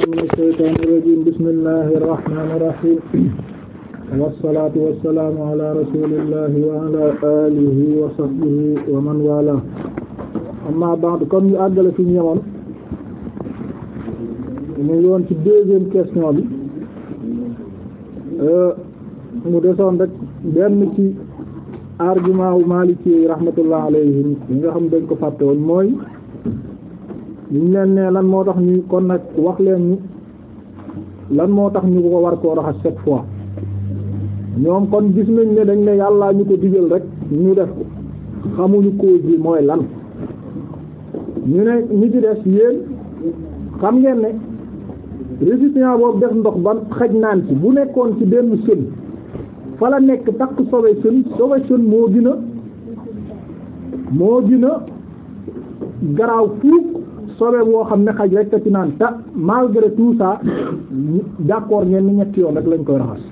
الله من الشيطان الرجيم بسم الله الرحمن الرحيم والصلاة والسلام على رسول الله وعلى آله وصحبه ومن والاه amma ba'd kon ñu àggale fi ñu yemoon ñu ngi woon ci deuxième question bi euh, mu desoon rek benn ci argument wu Maliki rahmatullah alayhim yi nga xam dañ ko fàtte woon mooy ñu leen ne lan moo tax ñu kon nag wax leen lan moo tax ñu ko war koo raxas chaque fois ñoom kon gis nañ ne dañ ne yàllaa ñu ko digal rek ñu def ko xamuñu cause bi mooy lan ñu ne ñu ci des yéen xam ngeen ne récipient boobu def ndox ba xaj naan ci bu nekkoon ci benn sën fa la nekk takk sobe sën sobe sën moo gën moo gën garaaw fuuf sobe boo xam ne xaj rek ci naan ta malgré tout ça d'accord ngeen ni ñetti yoon rek lañ koy raxas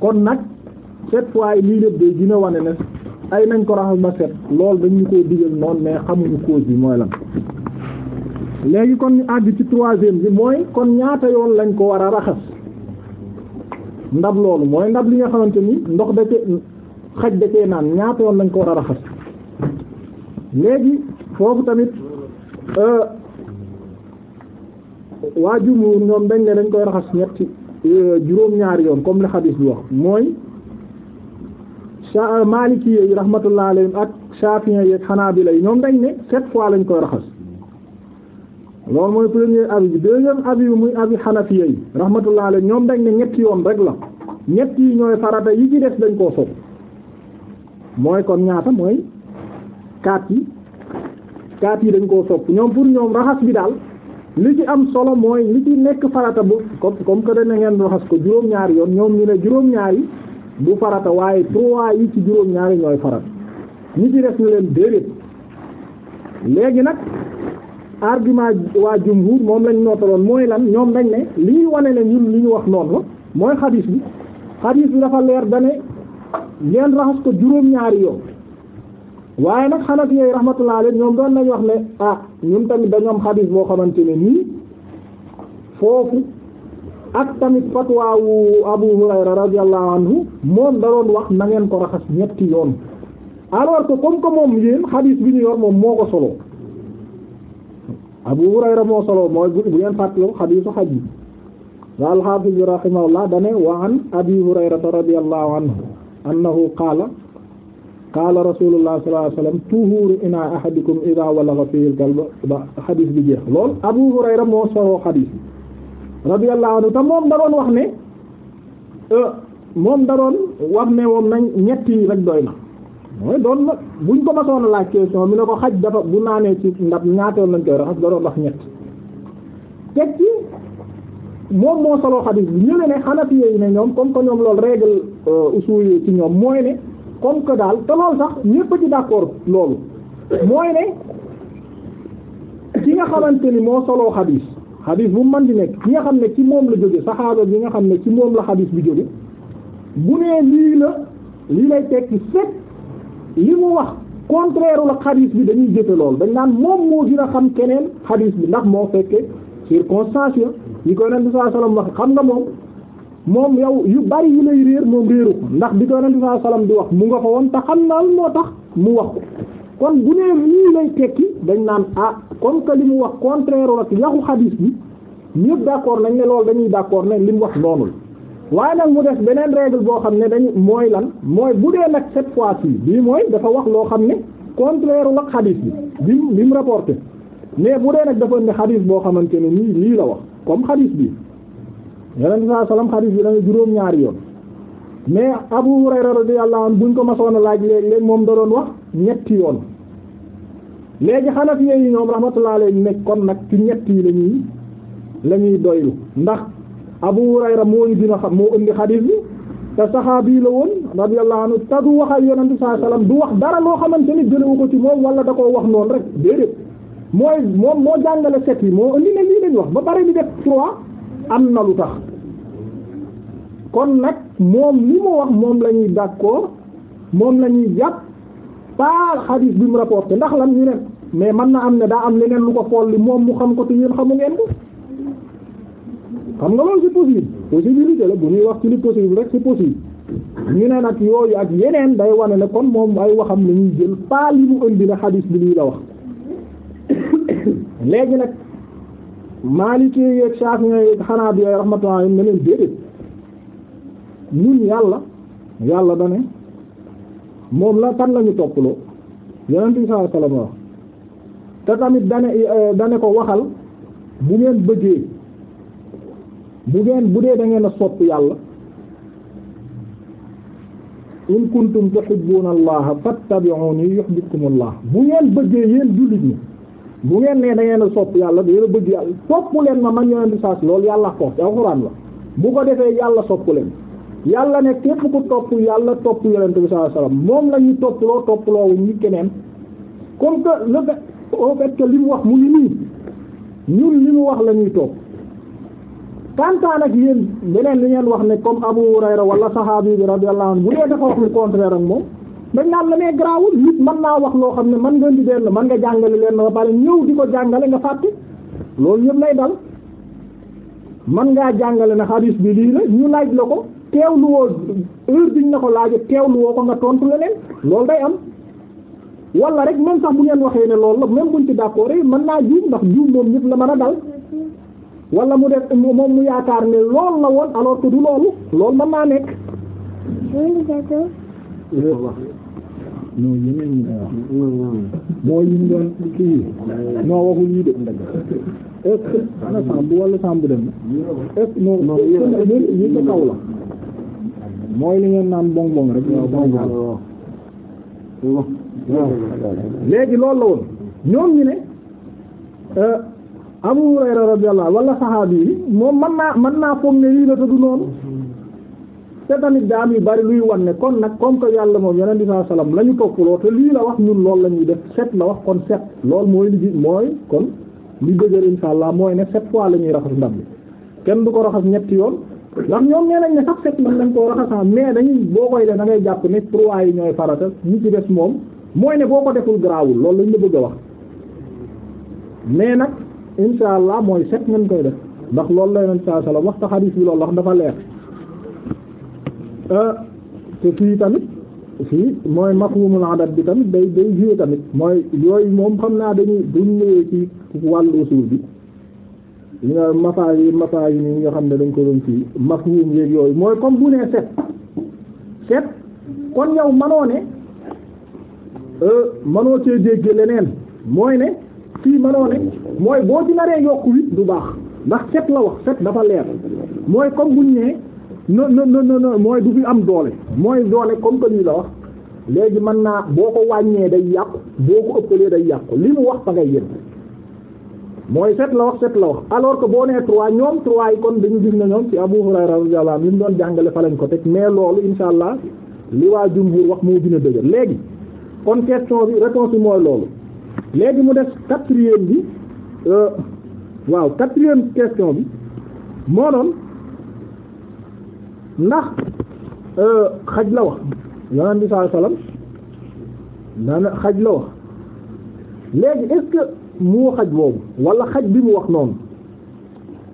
kon nag cette fois yi lii lépp day dina wane ne ay nañ ko raxas ba set loolu dañu koo digal noonu mais xamuñu cause yi mooy lan léegi kon ñu àgg ci troisième bi mooy kon ñaata yoon lañ ko war a raxas ndab loolu mooy ndab li nga xamante ni ndox da cee xaj da naan ñaata yoon lañ ko war a raxas léegi foofu tamit euh, waa jumhur ñoom dañ ne dañ koy raxas ñetti euh, juróom-ñaari yoon comme le xadis bi wax mooy maliki yi rahmatullah alayhim ak shafi'i yi ak hanabila yi ñoom dañ ne set fois lañ koy raxas loolu mooy premier avis bi deuxième avis bi muy avis hanafiya yi rahmatullah ñoom dañ ne ñetti yoon rek la ñetti yi ñooy farata yi ci des dañ koo sopp mooy kon ñaata mooy kaat yi kaat yi dañ koo sopp ñoom pour ñoom raxas bi daal li ci am solo mooy li ci nekk farata bu comme comme que dana ngeen raxas ko juróom-ñaari yoon ñoom ñu ne juróom-ñaar yi bu farata waaye trois yi ci juróom-ñaari ñooy farata ñi ci def ñu leen déedéet léegi nag argument waa jumhur moom lañ nootaloon mooy lan ñoom dañ ne li ñuy wane ne ñun li ñu wax noonu la mooy xadiis bi xadiis bi dafa leer dane ngeen raxas ko juróom-ñaari yoon waaye nag xanafi yi rahmatullah ñoom doon nañ wax ne dañoo am xadis xamante ne nii foofu moom da doon wax na ngeen ko raxas ñetti yoon alors que comme que moom yéen xadis bi ñu yor moom moo ko solo Abu Hurayra moo solo mooy bu ngeen fàttaloo xadisu xaj bi wal hafiz rahimahullah dane wa an Abi Hurayrata radiyallahu anhu annahu qaala rasulullah sallallahu alayhi wa ahadikum ida walagha fihi kalb ba xadis bi jeex lool Abu Hurayra moo soroo xadis bi te moom da doon wax ne euh, moom da doon wax ne moom nañ ñetti rek doy na mooy doon na buñ ko masoon a laaj question mi ne ko xaj dafa bu naanee ci ndab ñaatoon lañ koy raxas da doon wax ñett teg moom moo soroo xadis bi ne ne Hanafi yi ne ñoom comme que ñoom loolu règle euh, usul ci ñoom mooy ne comme que daal te loolu sax ñépp ci d'accord loolu mooy ne ki nga xamante ni moo soloo xadiis xadiis bu mu man di nekk ki nga xam ne ci moom la jóge saxaaba bi nga xam ne ci moom la xadiis bi jóge bu nee lii la li lay tekki fekk li mu wax contraire la xadiis bi dañuy jëfe loolu dañ naan moom moo gën a xam keneen xadiis bi ndax moo fekke circonstance yi koy naan bi sallallahu alayhi wasallam wax xam nga moom moom yow yu bari yu lay réer moom réeru ko ndax bi ko yonent bi sallallahu alayhi di wax mu nga fa woon te xam naa lu moo tax mu wax ko kon bu nee lii lay tekki dañ naan ah comme que li mu wax contraire ak yaxu xadiis bi ñëpp d'accord nañ ne loolu dañuy d'accord ne li mu wax noonul waaye nag mu def beneen règle boo xam ne dañ mooy lan mooy bu dee nag cette fois-ci bii mooy dafa wax loo xam ne contraire ak xadiis bi bi bi mu rapporté mais bu dee nag dafa ne xadiis boo xamante ne nii lii la wax comme xadiis bi yeneen saa salaam xadiis bi dana juróom-ñaari yoon mais Abu Hurayra radiyallahu anhu buñ ko masoon a laaj léeg leen moom da doon wax ñetti yoon léegi Hanafi yi ñoom rahmatullahi alayhi nekk kon nag ci ñetti yi la doylu ndax Abu Hurayra moo ñu dina xam moo indi xadiis bi te saxaabi la woon radiyallahu anhu te du wax ak yonent saa salaam du wax dara loo xamante ni jëlewu ko ci moom wala da koo wax noonu rek déedéet mooy moom moo jàngale set yi moo indi ne lii lañ wax ba pare di def trois. am na lu tax kon nag moom li moo wax moom la ñuy d'accord moom la ñuy jàpp par xadiis bi mu rapporté ndax lan ñu ne mais mën na am ne daa am leneen lu ko xool li moom mu xam ko te yéen xamu ngeen ko xam nga loolu c'est possible possibilité la bu ñuy wax ci li possible rek c'est possible ñu ne nag yooyu ak yeneen day wane ne kon moom ay waxam la ñuy jël paa li mu indi ne xadiis bi lii la wax léegi nag. Maliki yeeg Shafi'i xanaa bi rahmatullah ne leen déedéet ñun yàlla yàlla da moom la tan lañu toppaloo yonent bi sallallahu alayhi wasallam te tamit dane eh, dane ko waxal bu ngeen bëggee bu ngeen bu dee da ngeen a sopp yàlla in kuntum tuhibbuna allaha fattabi'uni yuhibbukumullah bu ngeen bëggee yéen jullit ñi bu ngeen nee da ngeen a sopp yàlla da ngeen a bëgg yàlla leen ma man yonent bi saas loolu yàlla ko ci alxuraan la bu ko defee yàlla sopp leen yàlla ne képp ku topp yàlla topp yonent bi sallallahu alayhi wasallam moom la ñuy topploo topploo wu ñu keneen comme que le fait au fait que li mu wax mu ngi nii ñun li mu wax la ñuy topp kantaan ak yéen yen li ngeen wax ne comme Abu Hurayra wala saxaabi bi radiyallahu anhu bu dee dafa wax lu contraire ak moom dañ naan la nee garaawul nit mën naa wax loo xam ne man nga di leen man nga jàngale leen ba pare ñëw di ko jàngale nga fàtte loolu yëpp lay dal man ngaa jàngale na xadiis bi lii la ñu laaj la ko teew teewlu woo heure biñ na ko laaj teewlu woo ko nga tontu la leen loolu day am wala rek même sax bu ngeen waxee ne loolu la même buñ ci d'accord man naa juum ndax juum moom ñëpp la man a dal wala mu def moom mu yaakaar ne loolu la woon alors que du loolu loolu mën non yeneen ah. moo yim doon kii noo waxul yi de est-ce que ana samb wala samb dem na est-ce non ñi ko kaw la mooy li ngeen naan bong bong rek léegi loolu la woon ñoom ñu ne euh, Abu Hurayra moom man naa man naa foog ne yii la te noonu te tamit daa am yu bari luy wan ne kon nag comme que yàlla moom yeneen di saa salaam la ñu toppaloo te lii la wax ñun loolu la ñuy def set la wax kon set lool mooy li mooy kon li dëgër insha allah mooy ne sept fois la ñuy raxas ndab kenn du ko raxas ñetti yoon ndax ñoom nee nañ ne sax set mën nañ koo raxasaa ah mais dañuy boo koy def dangay ngay jàpp ne trois yi ñooy farata ñi ci des moom mooy ne boo ko deful garaawul lool lañu la bëgg a wax mais nag insha allah mooy set ngeen koy def ndax loolu la yeneen saa salaam wax ta xadiis bi loolu wax dafa leer. Ah, te fii tamit fii mooy mafhumul adab bi tamit day day jouer tamit mooy yooyu moom xam naa dañuy buñ ñëwee ci wàllu bi ñu nga masaa yi masaa yi ni nga xam ne dañ ko doon fii mafhum yeeg yooyu mooy comme bu nee set set kon yow manoo ne ah, manoo cee dégg leneen mooy ne fii manoo ne mooy boo ci naree yokk wi du baax ndax set la wax set dafa leer mooy comme buñ nee non non non non mooy du fi am doole mooy doole comme que la wax léegi mën naa boo ko wàññee day yàqu boo ko ëppalee day yàqu li mu wax fa ngay yëpp mooy set la wax set la wax alors que boo nee trois ñoom trois yi kon dañu gis na ñoom ci Abu Hurayra radiyallahu anhu li mu doon jàngale fa lañ ko teg mais loolu insha allah li waa jumhur wax moo gën a dëgër léegi kon question bi réponse bi mooy loolu léegi mu des quatrième bi euh, waaw quatrième question bi moo doon ndax euh, xaj la wax yonent bi xaj la wax léegi est mu xaj boobu walla xaj bi mu wax noonu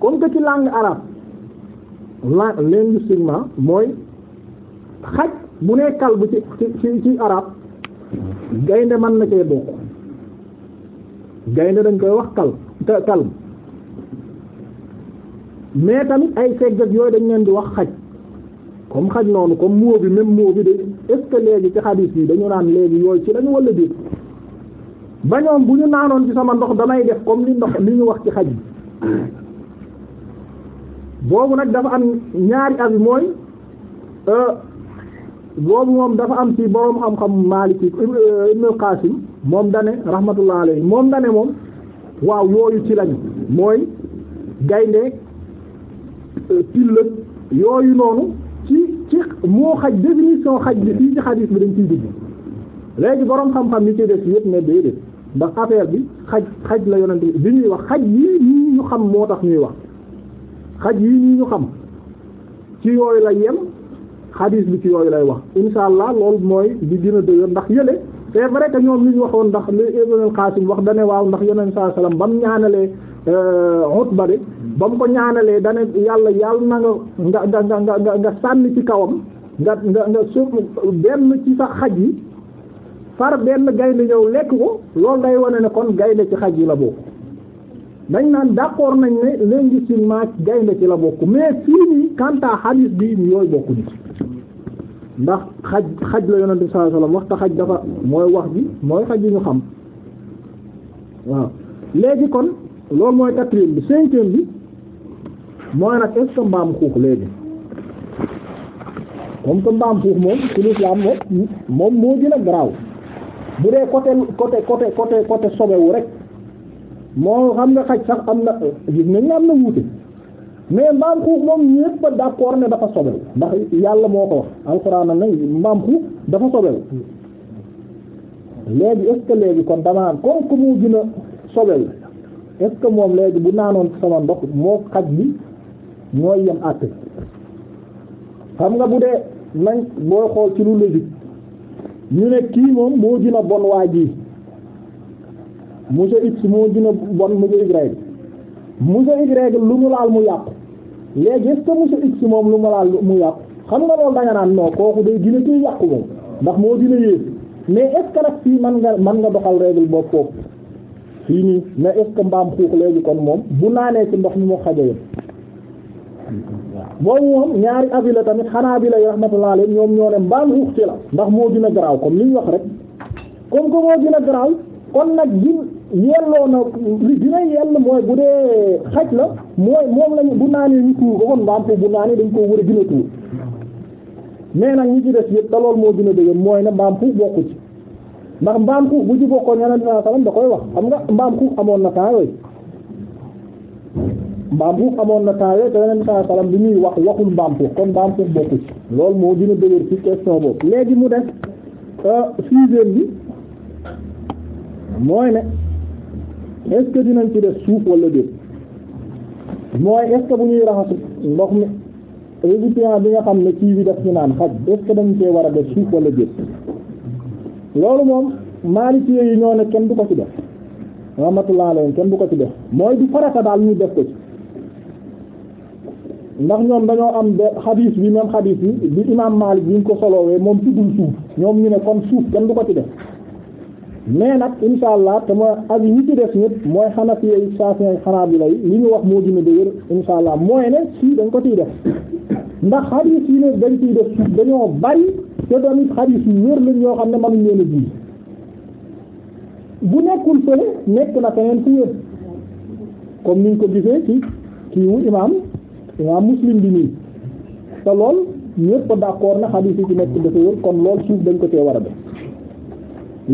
comme que ci langue arabe la linguistiquement mooy xaj bu ne kalbu ci ci ci arabe gaynde man na cee bokku gaynde dañ koy wax kal kalb mais tamit ay seggat yooyu dañ leen di wax xaj comme xaj noonu comme moo bi même moo bi de est léegi ci xadis yi dañu naan léegi yooyu ci lañu wala déet ba bu ñu naanoon ci sama ndox damay def comme li ndox li ñu wax ci xaj bi boobu nag dafa am ñaari avis mooy euh, boobu moom dafa am ci borom xam-xam Maliki euh, moom dane rahmatullah alayhi moom dane moom waaw yooyu ci lañu mooy gaynde euh, pillëg yooyu noonu ci ci moo xaj définition xaj bi fii ci xadis bi dañ ciy dugg léegi borom xam-xam ni ci des yëpp ne déedéet ndax affaire bi xaj xaj la yonent bi ñuy wax xaj yii ñii ñu xam moo tax ñuy wax xaj yii ñii ñu xam ci yooyu la yem xadis bi ci yooyu lay wax insha allah loolu mooy di gën a dëgër ndax yële c'est vrai que ñoom li ñu waxoon ndax li Ibn al-Qasim wax dane waaw ndax yeneen saa sallam ba mu ñaanalee euh, Utba de ba mu ko ñaanalee dana yàlla yàlla na nga nga nga nga nga nga sànni ci kawam nga nga nga suuf benn ci sa xaj yi far benn gaynde ñëw lekk ko loolu day wane ne kon gaynde ci xaj yi la bokk dañ naan d'accord nañ ne linguistiquement gaynde ci la bokk mais fii nii kanta hadis bii nii yooyu bokkuñu ndax xaj xaj la yonent bi sallallahu alayhi wasallam wax te xaj dafa mooy wax bi mooy xaj yi ñu xam waaw léegi kon loolu mooy quatrième bi cinquième bi mooy nag est-ce que mbaam xuux léegi comme que mbaam xuux moom ci laa moom moom moo gën a garaaw bu dee côté côté côté côté côté sobewu rek moo xam nga xaj sax am na gis nañ na wuute mais mbaam xuux moom ñépp a d'accord ne dafa sobewu ndax yàlla moo ko wax alxuraan na mbaam xuux dafa sobewu léegi est léegi kon damaa comme que moo gën a sobewu est que moom léegi bu naanoon sama ndox moo xaj bi mooy yem àtte xam nga bu dee nañ booy xool ci lu logique ñu ne kii moom moo gën bon waa jii ji monsieur X moo gën a bon mu Y monsieur Y lu mu laal mu yàqu léegi est-ce que monsieur X moom lu mu laal mu yàqu xam nga loolu da nga naan non kooku day gën a yàqu moom ndax moo gën a yées mais est-ce fii mën nga mën nga doxal règle boobu foofu fii nii mais est mbaam xuux léegi kon moom bu naanee ci ndox mi moo xaja yëpp boobu moom ñaari avis la tamit xanaa bi lay rahmatullah alayhi ñoom ñoo ne mbaal ruux ci la ndax moo gën a garaaw comme li ñu wax rek comme que moo gën a garaaw kon nag gin yelloo na li a yell mooy bu dee xaj la mooy moom lañu bu naanee ñu tuur ko kon mbaam ko bu naanee dañ koo war a gën a tuur mais nag ñi ci des yëpp te loolu moo gën a dëgër mooy ne mbaam xuux bokku ci ndax mbaam xuux bu ci bokkoon yeneen sallam da koy wax xam nga mbaam xuux amoon na temps yooyu mbaam xuux amoon na temps yooyu te yeneen saa salaam bi ñuy wax waxul mbaam xuux kon loolu moo gën a dëgër ci question léegi mu def euh, sixième bi mooy ne na ce que dinañ ci def suuf wala déet mooy est-ce que bu ñuy raxasu ndox mi récipient bi nga xam ne kii bi def ñu naan xaj est-ce war a def suuf wala déet loolu moom maalikiyé yi ñoo ne kenn du ko ci def rahmatullah alayhi kenn du ko ci def mooy du farata daal ñu def ko ci ndax ñoom dañoo am de xadiis bi même xadiis bi bi imaam Maalik bi ñu ko solowee moom tuddul suuf ñoom ñu ne kon suuf kenn du ko ci def mais nag insha allah te ma ak ñu ci des ñëpp mooy Hanafi yi Shafi'i Hanabila yi li ñu wax moo gën a dëgër insha allah mooy ne si dañ ko ciy def ndax xadiis yi ne dañ ciy def dañoo bari te tamit xadiis yu wér lañ ñoo xam ne mënuñ leen a ji bu nekkul fële nekk na feneen fu wér comme niñ ko gisee ci kiiwu imaam imaam muslim bi nii te lool ñëpp d'accord na xadiis yi ci nekk dafa wër kon lool suuf dañ ko cee war a def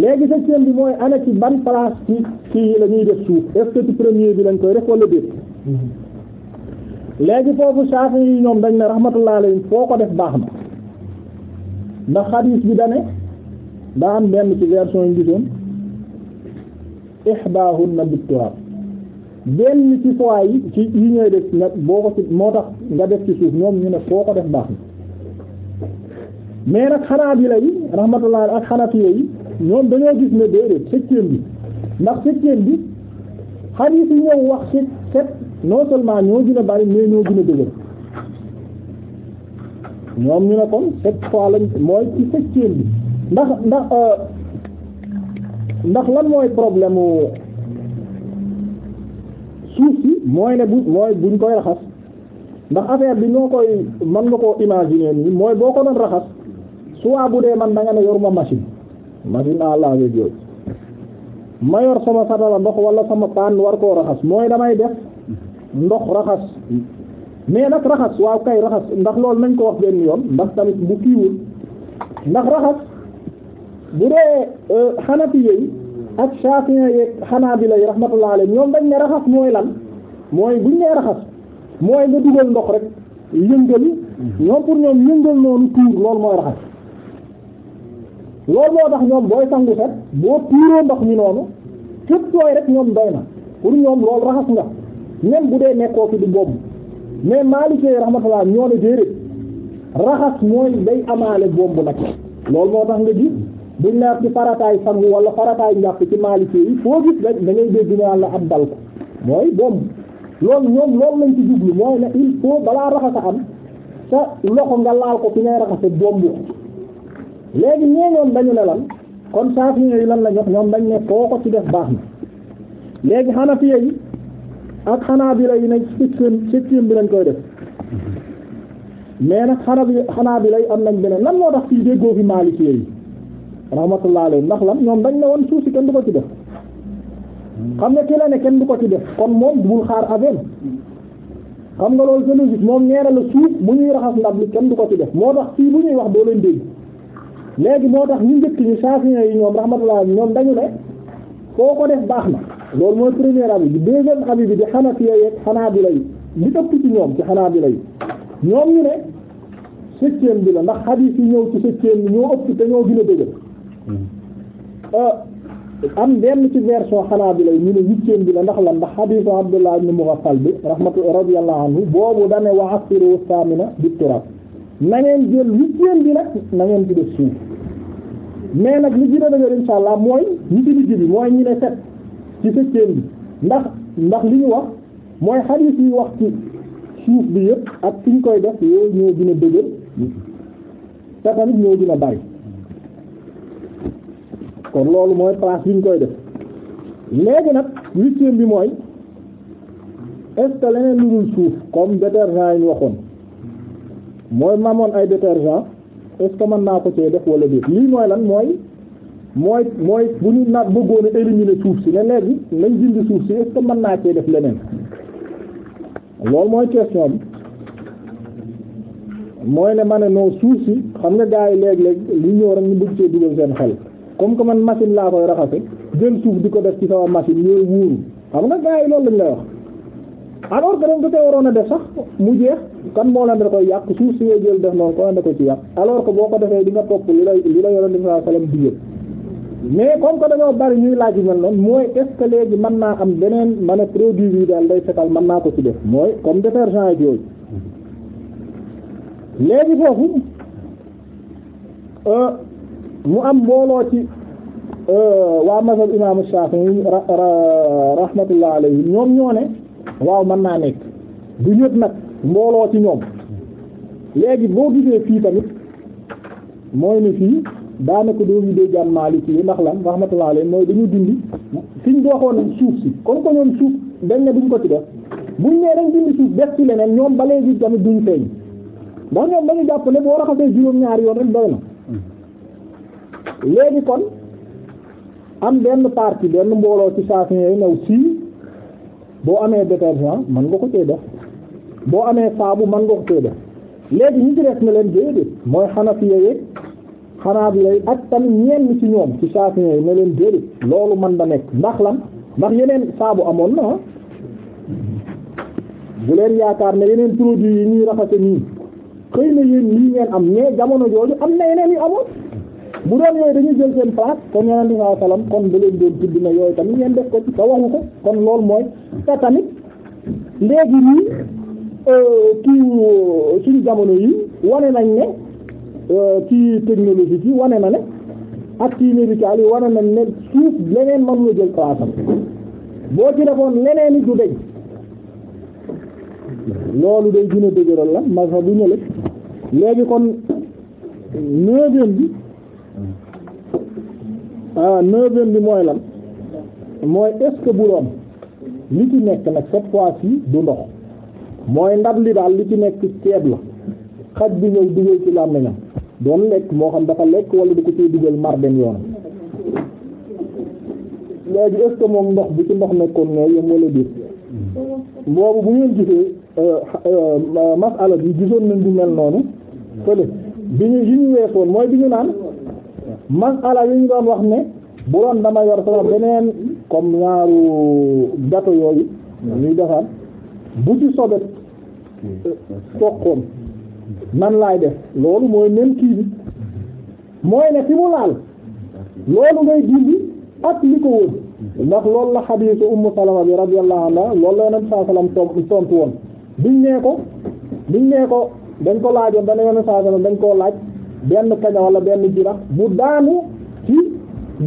léegi septième bi mooy ana ban place ci ci la ñuy def suuf est-ce ci premier bi lañ koy def wala déet léegi foofu saafi yi ñoom dañ ne rahmatullah alayhi foo ko def baax na ndax xadiis bi dane daa am benn ci version yi gisoon ihdaahunna na turaab benn ci fois yi ci yi ñooy def nga boo ko moo tax nga def ci suuf ñoom ñu ne foo ko def baax na mais nag Hanaabila yi rahmatullah ak Hanafiya yi ñoom dañoo gis ne déedéet septième bi ndax septième bi xadiis yi ñëw wax ci set non seulement a bari mais ñoo gën ñu ne kon sept lañ mooy ci septième bi ndax ndax euh, ndax lan mooy problème suuf si mooy ne bu mooy buñ koy raxas ndax affaire bi ñoo koy mën nga koo imaginer nii mooy boo ko doon raxas soit bu dee man da nga ne yor ma machine machine à laver yooyu ma yor sama satala ndox wala sama paan war koo raxas mooy damay def ndox raxas mais nag raxas waaw kay raxas ndax loolu nañ ko wax benn yoon ndax tamit bu kiiwul ndax raxas bu dee xanafi euh, yooyu ak Shafi'i yeeg Hanabila yi rahmatullah alayhi ñoom dañ ne raxas mooy lan mooy buñ nee raxas mooy nga dugal ndox rek yëngal ñoom pour ñoom yëngal noonu tuur loolu mooy raxas loolu moo tax ñoom booy sangu set boo tuuroo ndox mi noonu képp tooy rek ñoom doy na pour ñoom loolu raxas nga même bu dee nekkoo fi du boobu mais Maliki rahmatullah ñoo ne raxas mooy day amaale bombu nag loolu moo tax nga ji buñ naan di farataay sangu wala farataay njàpp ci Maliki yi foo gis rek da ngay dégg naan la am dal ko mooy boobu loolu ñoom loolu lañ ci jublu mooy ne il faut balaa raxas a am sa loxo nga laal ko fi ngay raxase bombu léegi ñee ñoom dañu ne lan kon saa fi yooyu lan la jox ñoom dañ ne foo ko ci def baax na léegi Hanafiya yi ak xanaa yi nag septième septième bi lañ koy def mais nag Hanabila yi am nañ beneen lan moo tax fii déggoo fi Maliki yi. rahmatullah alayhi ndax lan ñoom dañ ne woon suuf si kenn du ko ci def xam nga ki la ne kenn du ko ci def kon moom bul xaar aven xam nga loolu c'est moom ñeera la suuf bu ñuy raxas ndab li kenn du ko ci def moo tax fii bu ñuy wax doo leen dégg léegi moo tax ñu njëkk ñu saafina yi ñoom rahmatullah ñoom dañu ne foo ko def baax na loolu mooy premier avis bi deuxième avis bi di Hanafiya yeeg Hanabila yi li ëpp ci ñoom ci Hanabila yi ñoom ñu ne septième bi la ndax hadith yi ñëw ci septième bi ñoo ëpp te gën a dëgër Ah, am benn ci version Hanaabila ñu ne huitième bi la ndax la ndax hadiisu Abdullah ibn Mughaffal bi rahmatu radiyallahu anhu wa asiru saamina bi turab na ngeen jël huitième bi nag na suuf nag li gën a dëgër mooy ñi ci digg bi mooy ñi ne set ci septième bi ndax ndax li ñu wax mooy hadiis yi wax ci suuf bi yëpp ak fi ñu koy def yooyu ñoo gën a dëgër te tamit ñoo gën a bari kon loolu mooy place bi ñu koy def léegi nag huitième bi mooy est-ce que leneen lu suuf comme détergent yi waxoon mooy mamoon ay détergent est man naa ko cee def wala déet lii mooy lan mooy mooy mooy bu ñu naat bëggoon a éliminer suuf si ne léegi nañ dindi suuf si est man naa cee def leneen loolu mooy question bi mooy ne ma ne non suuf si xam nga gars yi léeg-léeg li ñëw rek ñu bëgg cee dugal seen xel comme que man machine laa koy raxase jël suuf di ko def ci sama machine yooyu wuuru xam nga gars yi loolu lañ lay wax alors que dañ ko tey waroon a def sax mu jeex kan moo leen da koy yàq suuf si ngay jël def noonu ko da ko ci yàq alors que boo ko defee di nga topp li lay li la yoroon di nga sallam digal mais comme que dañoo bari ñuy laaj yu mel noonu mooy est-ce que léegi naa am beneen man a produit bi daal day fetal mën naa ko ci def mooy comme détergent ak yooyu léegi foofu euh, mu am mbooloo ci euh, waa mazhab imaamu Shafi'i rahmatullah alayhi ñoom ñoo ne waaw mën naa nekk du ñëpp nag mbooloo ci ñoom léegi boo gisee fii tamit mooy ni fii daanaka doo ñu dégg Maalik yi ndax la rahmatullah alayhi mooy dañu dindi fiñ doxoon suuf si kon ko ñoom suuf dañ ne duñ ko ci def buñ nee dañ dindi suuf def ci leneen ñoom ba léegi tamit duñ feeñ ndax ñoom dañu jàpp ne boo raxasee juróom-ñaari yoon rek doy léegi kon am benn partie benn mbooloo ci saafin yooyu new sii boo amee détergent man nga ko cee def boo amee saabu man nga ko cee def léegi ñu ci def na leen déedéet mooy xanafi yooyu xanaa bi lay ak tamit ñenn ci ñoom ci saafin yi ne leen déedéet loolu man da nekk ndax la ndax yeneen saabu amoon na ah? bu leen yaakaar ne yeneen produit yi ñuy rafete nii xëy na yéen lii ngeen am mais jamono jooju am na yeneen yu amoon bu doon yooyu dañuy jël seen place kon yonent bi sallallahu alayhi wasallam kon da leen doon tudd na yooyu tamit ngeen def ko ci te waxu ko kon loolu mooy te tamit léegi nii euh, kii suñu jamono yii wane nañ ne euh, ci technologie bi wane na ne ak ci médical yi wane nañ ne suuf leneen mën na jël place am boo ci defoon leneen it du deñ loolu day gën a dëgëral la mazhabu ñële léegi kon neuvième bi ah neuvième bi mooy lan mooy est bu doon li ci nekk nag cette fois-ci du ndox mooy ndab li daal li ci nekk ceeb la xaj bi ñëw dugal ci na doon lekk moo xam dafa lekk wala du ko ciy dugal mar dem yoonam léegi moom ndox bu ci ndox nekkoon ne yam wala déet boobu bu ngeen gisee euh, euh, masala bi gisoon nañ du mel noonu fële bi ñu yi ñu weesoon mooy bi ñu naan masala yi ñu doon wax ne bu doon dama yor sama beneen comme ñaaru gâteau yooyu ñuy defar bu ci sobet toqoon nan laay def loolu mooy même kii bi mooy ne fi mu laal loolu ngay dindi ak li ko woon ndax loolu la xadiisu ummu salama bi radiyallahu anha loolu la yonent saa salam tontu woon biñ nee ko biñ nee ko dañ ko laajoon dana yonent saa salam dañ koo laaj benn kaña wala benn jirax bu daanu ci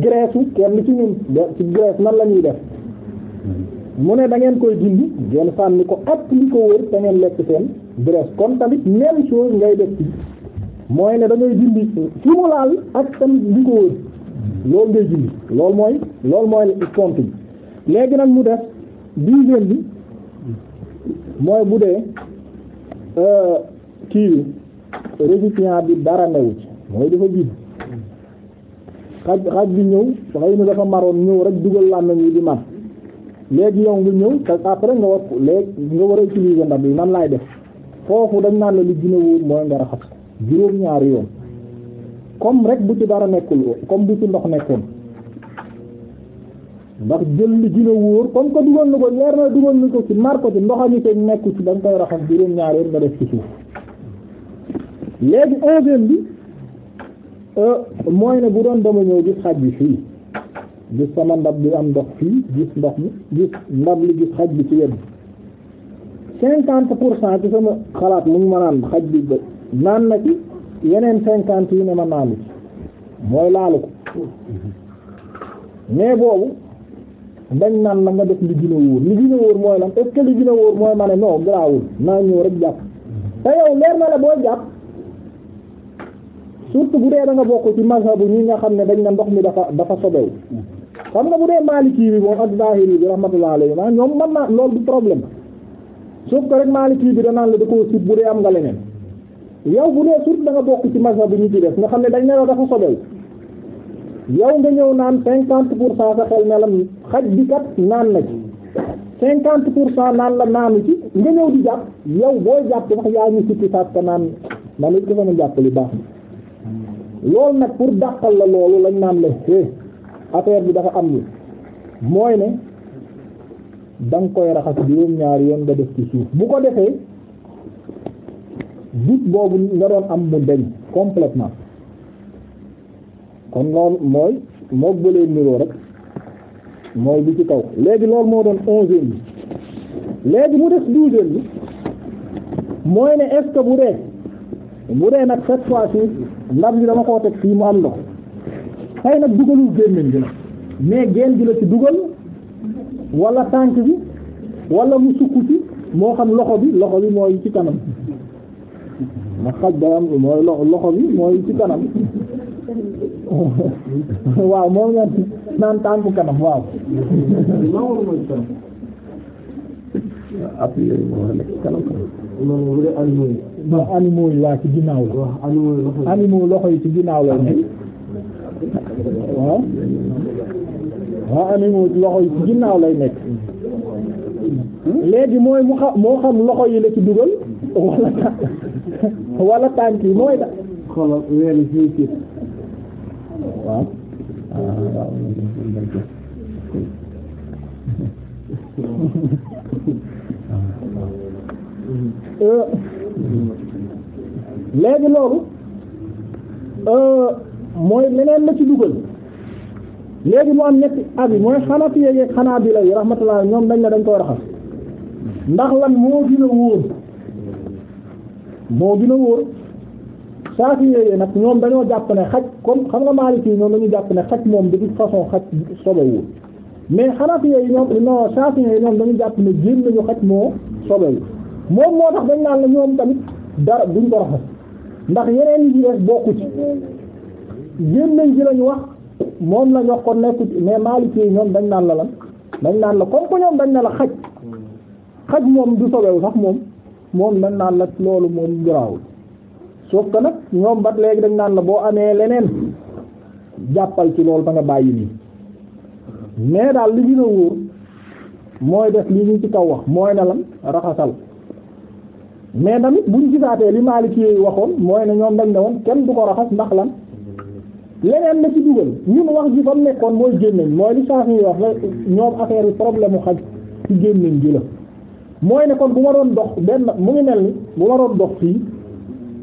graisse kenn ci ñun ci graisse nan la ñuy def mu ne da ngeen koy dindi ngeen sànni ni ko wër te ngeen lekk seen graisse kon tamit même chose ngay def ci ne da ngay dindi fi ak tam li ko wër loolu ngay dindi loolu mooy loolu mooy compte bi léegi nag mu def dixième bi mooy bu dee euh, kii récipient bi dara newu ci mooy dafa bind xaj xaj bi ñëw xëy na dafa maroon ñëw rek dugal làmmiñ yi di mat léegi yow nga ñëw te après nga war léegi nga war a utiliser ndab yi nan laay def foofu dañ naan la li gën a wóor mooy nga raxas juróom-ñaari yoon comme rek bu ci dara nekkul comme bu ci ndox nekkoon ndax jël li gën a wóor comme que dugal na ko leer na dugal na ko ci mar ko ci ndox a ñu nekku ci da nga koy raxas juróom-ñaari nga def ci léegi onzième bi euh, mooy na bu doon dama ñëw gis xaj bi fii gis sama ndab bi am ndox fii gis ndox mi gis ndab li gis xaj bi ci wet cinquante pour cent ci sama xalaat mu ngi ma naan xaj bi ba naan na ci yeneen cinquante yi ne ma naanu mooy laalu ko mais boobu dañ naan la nga def li gën wóor li gën wóor mooy lan est li gën wóor mooy ma ne non garaawul naa ñëw rek jàpp te yow leer na la boo jàpp surtout bu dee da nga bokk ci mazhabu ñi nga xam ne dañ na ndox mi dafa dafa sobewu xam nga bu dee Maliki bi moom ak Zahiri bi rahmatullah alayhi ñoom mën na loolu du problème sauf que rek Maliki bi danaan la da koo sib bu dee am nga leneen yow bu dee surtout da nga bokk ci mazhabu ñi ci def nga xam ne dañ na dafa sobewu yow nga ñëw naan cinquante pour cent sa xel ne la xaj bi kat naan na ci cinquante pour cent naan la naanu ci nga ñëw di jàpp yow booy jàpp wax naan man it ko sama jàpp li baax loolu nag pour dàqal la loolu lañu naan la hé affaire bi dafa am li mooy ne da nga koy raxas juróom-ñaari yoon nga def ci suuf bu ko defee dut boobu nga doon am mu deñ completement kon loolu mooy moo bëlee niroo rek mooy bi ci kaw léegi loolu moo doon onzième bi léegi mu def douzième bi mooy ne est bu dee bu dee nag cette fois ci ndab li dama koo teg fii mu am ndox xëy nag dugalul gémmiñ bi nag mais génn bi la ci dugal wala tànk bi wala mu sukk ci moo xam loxo bi loxo bi mooy ci kanam ndax xaj day am mooy loxo bi mooy ci kanam waaw moom nga naan ndax animaux yi waa ci ginnaaw la loxo yi ci ginnaaw la nekk waaw waaw animaux loxo yi ci ginnaaw lay nekk léegi mooy mu xam moo loxo yi la ci dugal wala wala tànk yi mooy da xolal weer yi fii léegi loolu euh, mooy leneen la ci dugal léegi mu am ñetti abi mooy xanafi yeeg xanaabila yi rahmatullah ñoom dañ la dañ koy raxas ndax lan moo gën a wóor moo gën wóor saafi yeeg nag ñoom dañoo jàpp ne xaj comme xam nga maaliki ñoom dañu jàpp ne xaj moom de toute façon xaj sobe wóor mais xanafi yeeg ñoom non ñoom dañu jàpp ne génn nañu xaj moo sobe moom moo tax dañ naan la ñoom tamit dara duñ ko raxas ndax yeneen yi des bokku ci génn nañ ci lañ wax moom lañ wax kon nekku ci mais ñoom dañ naan la lan dañ naan la comme que ñoom dañ na la xaj xaj moom du sobewu sax moom moom dañ naan la loolu moom garaawul sauf que nag ñoom bat léegi dañ naan la boo amee leneen jàppal ci loolu ba nga bàyyi nii mais daal li gën wóor mooy def li ñu ci kaw wax mooy ne lan raxasal mais bu ñu gisaatee li Maliki yooyu waxoon mooy ne ñoom dañ ne woon kenn bu ko raxas ndax lan leneen la ci dugal ñun wax ji fa nekkoon mooy gémmiñ mooy li saa yi wax rek affaire yi problème mu xaj ci gémmiñ ji la mooy nekkoon bu ma doon dox benn mu ngi mel ni bu ma doon dox fii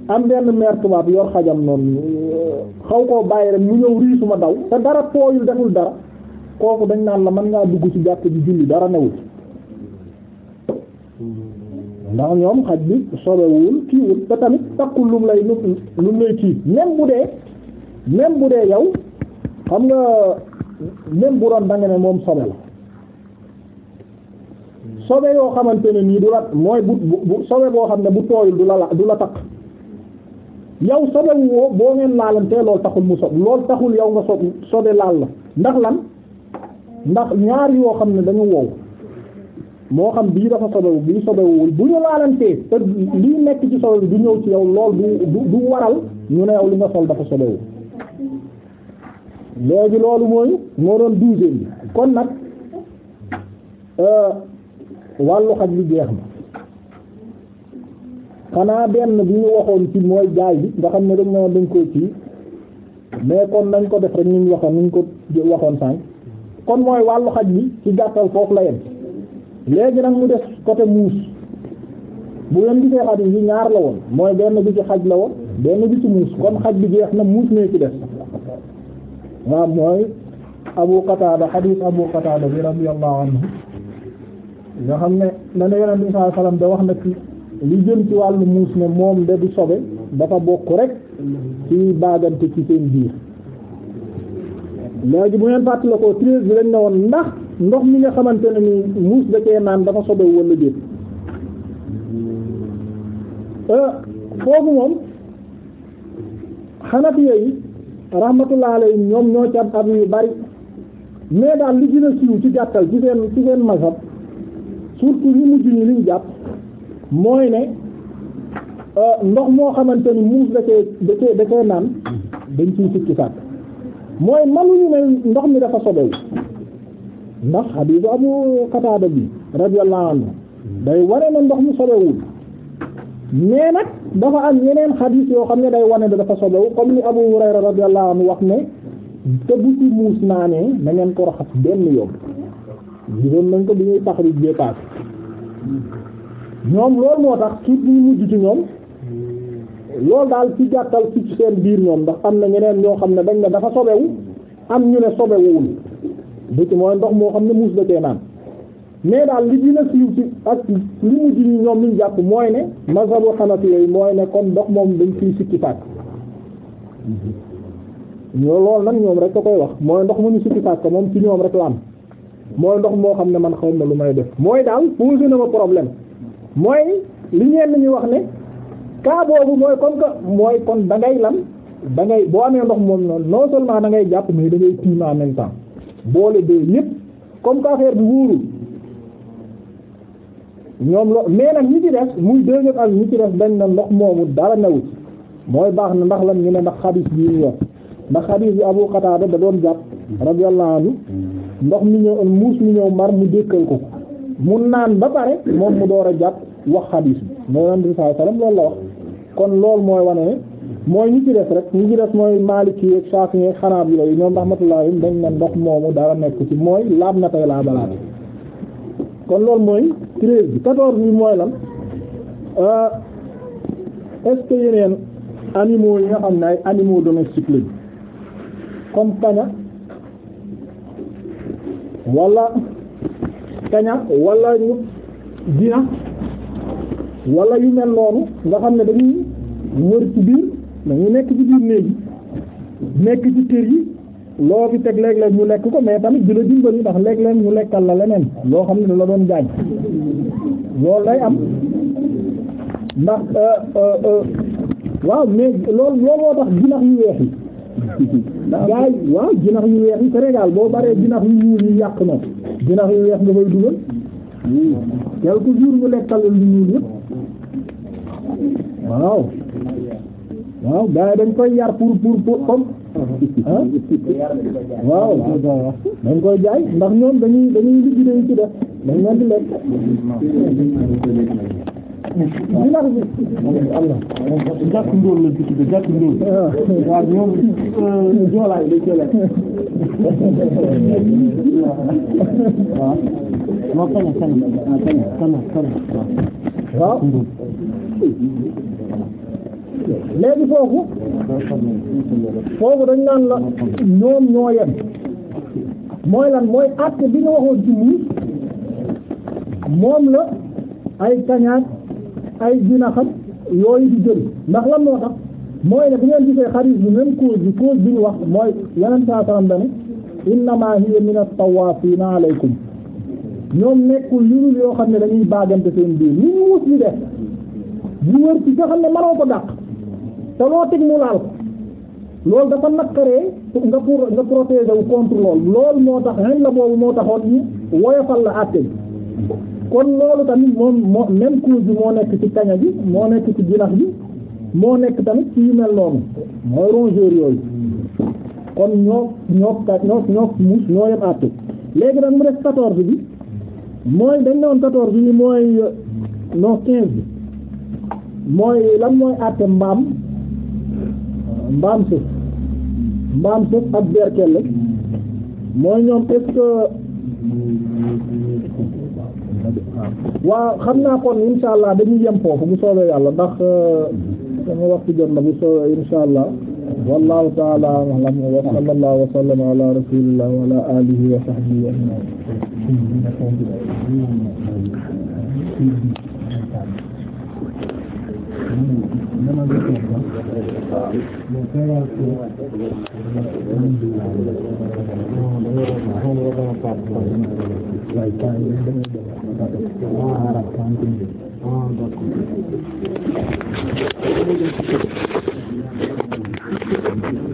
am benn mère tubaab yor xajam noonu xaw koo bàyyi rek mu ñëw riisu ma daw te dara tooyul deful dara kooku dañ naan la mën ngaa dugg ci jàkk ji julli dara newul ndax ñoom xaj bi sobewul kiiwul te tamit takkul lum lay lum lay kii même bu dee même bu dee yow xam nga même bu doon da ne moom sobe la sobe yoo xamante ne nii du la mooy bu bu sobe boo xam ne bu tooyul du la la du la takk yow sobe woo boo ngeen laalantee loolu taxul mu sob lool taxul yow nga sob sobe laal la ndax lan ndax ñaar yoo xam ne dañu wow moo xam bii dafa sobewu bii bu ñu laalantee te lii nekk ci sobe bi du ñëw ci yow lool du du du waral ñu ne yow li nga sol dafa sobewu léegi loolu mooy moo doon douzième bi kon nag euh, wàllu xaj bi jeex na xanaa benn bi ñu waxoon ci mooy jaay bi nga xam ne dañ ne dañ koy ci mais kon nañ ko def rek ñu waxoon ñu ko waxoon sànq kon mooy wàllu xaj bi ci gàttal foofu la yem léegi nag mu def côté muus bu ngeen gisee xaj yi ñaar la woon mooy benn bi ci xaj la woon benn bi ci muus comme xaj bi jeex na muus nee ci def waaw mooy Abu Qatada xadiis Abu Qatada bi radiyallahu anhu nga xam ne dana yonent bi sallallahu alayhi da wax na ci li jëm ci wàllu muus ne moom da du sobe dafa bokk rek ci baagante ci seen biir léegi bu ngeen fàttalikoo treize bi lañ ne woon ndax ndox mi nga xamante ne ni muus da cee naan dafa sobe wala déet foofu euh, moom xanafiya yi rahmatullah alayhim ñoom ñoo ci am am yu bari mais daal li siiw ci jàttal ci seen ci seen mazhab surtout ñu mujj ñu jàpp mooy ne euh, ndox moo xamante ni muus da cee da cee da cee naan dañ ciy sikki sàkk mooy manuñu ne ndox mi dafa sobewu ndax xadiisu Abu Qataada bi radiyallahu day wane na ndox mu sobewul nee nag dafa am yeneen xadiis yoo xam ne day wane ne dafa sobewu comme ni Abu Hurayra radiyallahu anhu wax ne te bu muus naanee na ngeen ko raxas benn yoon gisoon nañ ko bi ñuy tax di dépassé ñoom loolu moo tax kii bi mujj ci ñoom loolu daal ci gàttal ci seen biir ñoom ndax am na ñeneen yoo xam ne dañ ne dafa sobewu am ñu ne sobewuwul bu ci mooy ndox moo xam ne muus da cee naan mais daal li dina siiw ci ak li mujj ñi ñoom liñ jàpp mooy ne mazhabu xanafi yooyu mooy ne kon ndox moom dañ fiy sikki sàkk ñoo loolu ñoom rek koy wax mooy ndox mu ñu moom ci ñoom rek la am mooy ndox moo xam ne man xaw ma lu may def mooy daal posé na ma problème mooy li ñeen wax ne cas boobu mooy kon que mooy kon da ngay lan da ngay boo amee dox moom noonu non seulement da ngay jàpp mais da ngay tiim en même boole dee yëpp comme que affaire bi wóorul ñoom lo mais nag ñi ci des muy deuxième ak ñi ci des dañ na ndox moomu dala newu mooy baax na ndax lan ñu ne ndax xadiis bi ñu ndax xadiis bi Abu Qatada da doon jàpp radiyallahu anhu ndox mi ñëw muus mi ñëw mar mu dékkal ko mu naan ba pare moom mu door a jàpp wax xadiis bi mooy lan bi sallam loolu la wax kon loolu mooy wane ne mooy ñi ci des rek ñi ci des mooy Maliki yeeg Shafi'i yeeg Hanabila yi ñoom rahmatullah dañ ne ndox moomu dara nekk ci mooy laab na tey laa balaate kon loolu mooy treize bi bi mooy lan euh, est-ce que yeneen animaux yi nga xam ne ay animaux comme kaña wala kaña wala ñu dina wala yu mel noonu nga xam ne dañuy wër ci biir da ngay nekk ci biir néeg yi nekk ci kër yi loo fi teg léeg-léeg ñu lekk ko mais tamit di la dimbali ndax léeg-léeg ñu lekkal la leneen loo xam ne da la doon gaañ loolu lay am ndax euh, euh, euh, waaw mais loolu loolu moo tax jinax yu weex yi gaa yi waaw jinax yu weex yi Sénégal boo baree jinax yu ñuul yi yàq na yu weex nga koy dugal hmm. quelques jours mu lekkal waaw waaw gars yi dañ koy yar pour pour pour comme ah waaw dañ koy jaay ndax ñoom dañuy dañuy liggi dañu ci def dañ leen di lekk di lax bi jàkk ndóol la ci tudd jàkk ndóol waaw ñoom euh, joolaay da jole waaw moo kaña kaña kaña kaña waaw léegi foofu foofu dañ naan la ñoom ñoo yem mooy lan mooy acte bi ñu waxoon ci lii moom la ay kañaat ay dinaxat yooyu di jël ndax lan moo tax mooy ne bu ngeen gisee xaris bi même cause bi cause bi ñu wax mooy yeneen saa salam dane innama hiya min at-tawafina alaykum ñoom nekkul lu dul yoo xam ne dañuy baagante seen biir li ñu wut ñu def ñu wër ci nga xam ne mënoo ko dàq te loo teg mu laal loolu dafa naqaree nga pour nga protéger contre loolu loolu moo tax xen la boobu moo taxoon ñu woyofal la àtte kon loolu tamit moom moo même cause bi moo nekk ci kaña bi moo nekk ci jinax bi moo nekk tamit ci yu mel noonu mooy rongeur yooyu kon ñoo ñoo ñoo ñoo muus ñoo yem àtte léegi nag mu def quatorze bi mooy dañ ne woon euh, bi mooy lan mooy àtte mbaam mbaam suuf mbaam suuf ak berkelle mooy ñoom est waaw xam naa kon insha allah dañuy yem foofu bu soobee yàlla ndax euh, sama waxtu jot na bu soobee insha wallahu taala alam wa sallallahu wa sallama ala rasulillah wa No ma wypada. Bo teraz Thank you.